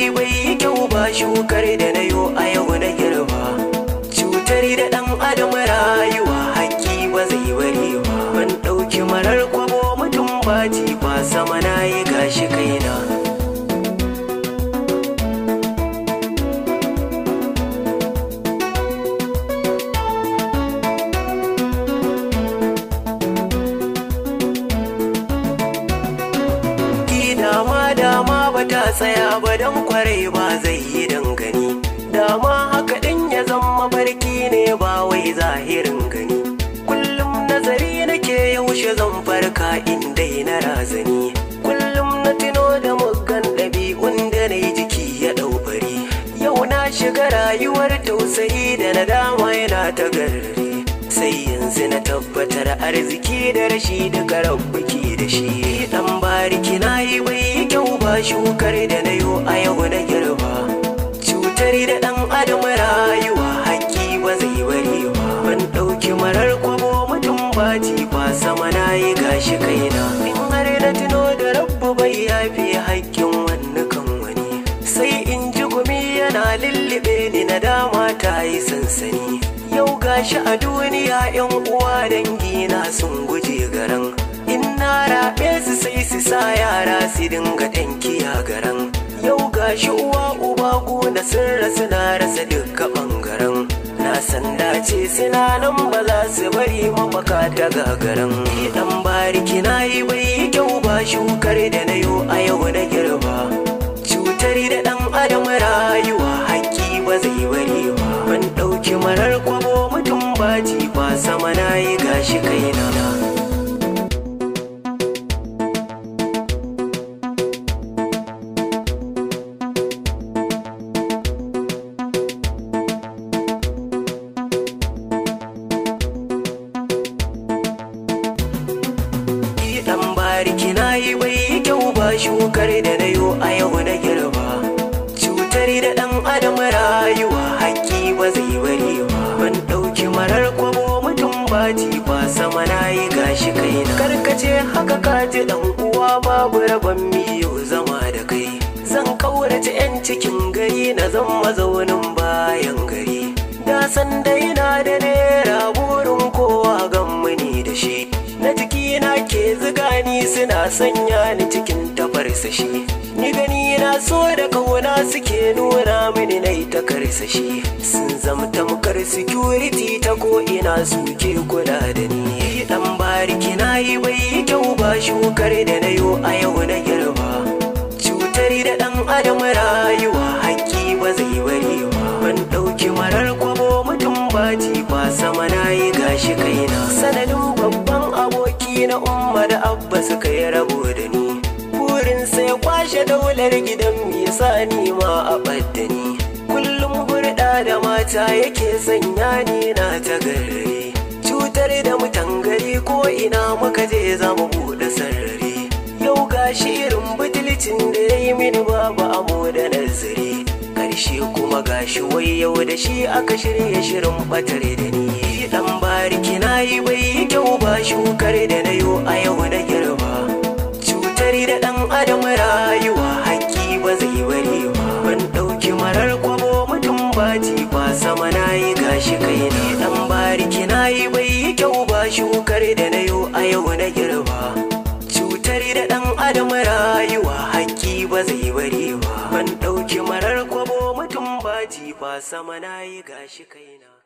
yi bai yi kyau ba shukar da na yo a yau na girba cutar da ɗan adam rayuwa haƙƙi ba zai bari ba ban ɗauki marar kwabo mutum ba ci ba sama na yi gashi kaina ba ta tsaya ba don kwarai ba zai yi dangani. dama haka din ya zama barki ne ba wai zahirin gani kullum nazari nake yaushe zan farka in dai na razani kullum na tuno da muggan ɗabi'un da na jiki ya ɗau yau na shiga rayuwar tausayi da na dama yana ta sai yanzu na tabbatar arziki da rashi duka ke da shi shukar da na yo a yau na girba cutar da ɗan adam rayuwa haƙƙi ba zai bari ba ban ɗauki marar kwabo mutum baci ba sama na yi gashi kaina in har na tuno da rabbu bai yafi haƙƙin wani kan wani sai in ji gumi yana lullube ni na dama ta yi sansani yau gashi a duniya 'yan uwa dangi na sun guje garan in na raɓe su sai su sa yara su dinga ɗanki na garan yau gashi uwa uba gona sun rasu na rasa duka bangaren na san dace suna nan ba za su bari mafaka ta gagaran ni dan bariki na yi bai yi kyau ba shukar da na a yau na girba cutar da dan adam rayuwa haƙƙi ba zai bari ba ban ɗauki marar kwabo mutum ba ji ba sama na yi gashi kaina na. shukar da na yo a yau na girba cutar da ɗan adam rayuwa haƙƙi ba zai bari ba ban ɗauki marar kwabo mutum baci ba sama na yi gashi kaina karkace haka ka ji ɗan uwa babu rabon miyo zama da kai zan kaurace 'yan cikin gari na zan mazaunin bayan gari da san dai na da sanya ni cikin tafarsashi ni gani na so da kauna suke nuna mini na ta karsashi sun zamta mukar security ta ko ina suke kula da ni dan bariki na yi bai yi kyau ba shukar da na yo a yau na girba cutar da dan adam rayuwa haƙƙi ba zai bari ba ban ɗauki marar kwabo mutum ba ci ba sama na yi gashi kaina sanadin na umar abba suka yi rabo da ni burin sai kwashe daular gidan misa ni ma a ɓaddani. kullum hurɗa da mata yake sanya ni na ta gari cutar da mutan gari ko ina muka je zama buɗe sarari yau ga shirin butulcin da ya yi mini babu amo da nazari karshe kuma gashi wai yau da shi aka shirya shirin ɓatare da ni yi dan bariki na yi bai yi kyau ba shukar da na yo a yau na girba cutar da dan adam rayuwa haƙƙi ba zai bari ba ban ɗauki marar kwabo mutum ba ci ba sama na yi gashi kai na dan bariki na yi bai yi kyau ba shukar da na yo a yau na girba cutar da dan adam rayuwa haƙƙi ba zai bari ba ban ɗauki marar kwabo mutum ba ci ba sama na yi gashi kai na